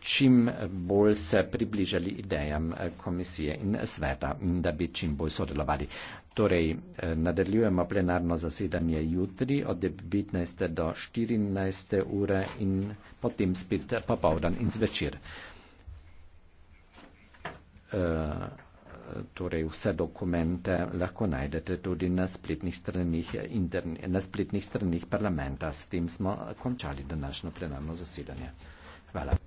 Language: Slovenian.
čim bolj se približali idejam eh, komisije in sveta, da bi čim bolj sodelovali. Torej, eh, nadaljujemo plenarno zasedanje jutri od 19. do 14. ure in potem spet popovdan in zvečer. Uh, torej vse dokumente lahko najdete tudi na spletnih, interne, na spletnih stranih parlamenta. S tem smo končali današnjo plenarno zasedanje. Hvala.